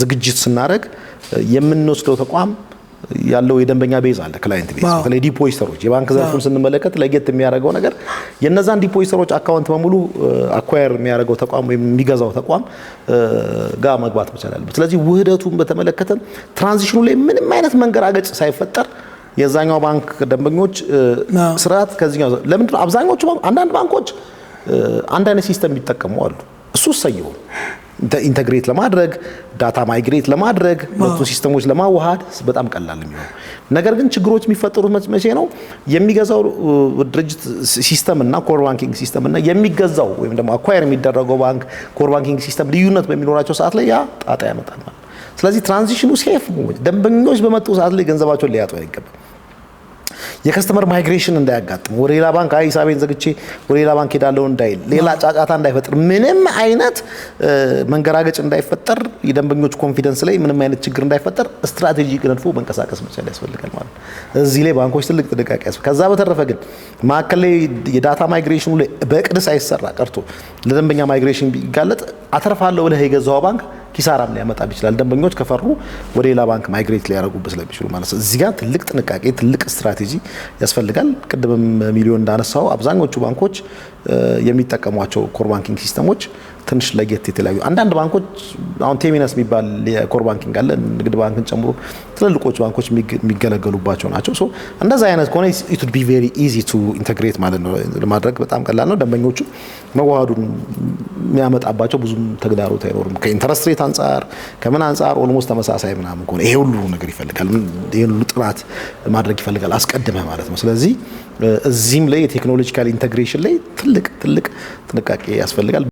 ዝግጅት ስናደረግ የምንወስደው ተቋም ያለው የደንበኛ ቤዝ አለ፣ ክላይንት ቤዝ። በተለይ ዲፖዚተሮች የባንክ ዘርፉን ስንመለከት ለየት የሚያደርገው ነገር የነዛን ዲፖዚተሮች አካውንት በሙሉ አኳየር uh, የሚያደርገው ተቋም ወይም የሚገዛው ተቋም uh, ጋር መግባት መቻል አለበት። ስለዚህ ውህደቱን በተመለከተ ትራንዚሽኑ ላይ ምንም አይነት መንገራገጭ ሳይፈጠር የዛኛው ባንክ ደንበኞች uh, ስርዓት ከዚህኛው ለምንድን ነው አንዳንድ ባንኮች አንድ አይነት ሲስተም የሚጠቀሙ አሉ። እሱ ሰየው ኢንተግሬት ለማድረግ ዳታ ማይግሬት ለማድረግ ሁለቱ ሲስተሞች ለማዋሃድ በጣም ቀላል የሚሆን ነገር ግን ችግሮች የሚፈጠሩት መቼ ነው? የሚገዛው ድርጅት ሲስተም እና ኮር ባንኪንግ ሲስተም እና የሚገዛው ወይም ደግሞ አኳየር የሚደረገው ባንክ ኮር ባንኪንግ ሲስተም ልዩነት በሚኖራቸው ሰዓት ላይ ያ ጣጣ ያመጣል። ስለዚህ ትራንዚሽኑ ሴፍ ደንበኞች በመጡ ሰዓት ላይ ገንዘባቸውን ሊያጡ አይገባም። የከስተመር ማይግሬሽን እንዳያጋጥም ወደ ሌላ ባንክ አይ ሂሳቤን ዘግቼ ወደ ሌላ ባንክ ሄዳለሁ እንዳይል፣ ሌላ ጫጫታ እንዳይፈጥር፣ ምንም አይነት መንገራገጭ እንዳይፈጠር፣ የደንበኞች ኮንፊደንስ ላይ ምንም አይነት ችግር እንዳይፈጠር ስትራቴጂ ነድፎ መንቀሳቀስ መቻል ያስፈልጋል ማለት ነው። እዚህ ላይ ባንኮች ትልቅ ጥንቃቄ ያስፈልጋል። ከዛ በተረፈ ግን መካከል ላይ የዳታ ማይግሬሽኑ ላይ በቅድ ሳይሰራ ቀርቶ ለደንበኛ ማይግሬሽን ቢጋለጥ አተርፋለሁ ብለህ የገዛው ባንክ ኪሳራም ሊያመጣብ ይችላል። ደንበኞች ከፈሩ ወደ ሌላ ባንክ ማይግሬት ሊያደርጉበት ስለሚችሉ ማለት ነው። እዚህ ጋር ትልቅ ጥንቃቄ፣ ትልቅ ስትራቴጂ ያስፈልጋል። ቅድምም ሚሊዮን እንዳነሳው አብዛኞቹ ባንኮች የሚጠቀሟቸው ኮር ባንኪንግ ሲስተሞች ትንሽ ለየት የተለያዩ አንዳንድ ባንኮች አሁን ቴሚነስ የሚባል የኮር ባንኪንግ አለ ንግድ ባንክን ጨምሮ ትልልቆች ባንኮች የሚገለገሉባቸው ናቸው። ሶ እንደዛ አይነት ከሆነ ኢት ቢ ቬሪ ኢዚ ቱ ኢንተግሬት ማለት ነው። ለማድረግ በጣም ቀላል ነው። ደንበኞቹ መዋሃዱን የሚያመጣባቸው ብዙም ተግዳሮት አይኖርም። ከኢንተረስት ሬት አንጻር ከምን አንጻር ኦልሞስት ተመሳሳይ ምናምን ከሆነ ይሄ ሁሉ ነገር ይፈልጋል። ይሄ ሁሉ ጥናት ማድረግ ይፈልጋል አስቀድመ ማለት ነው። ስለዚህ እዚህም ላይ የቴክኖሎጂካል ኢንተግሬሽን ላይ ትልቅ ትልቅ ጥንቃቄ ያስፈልጋል።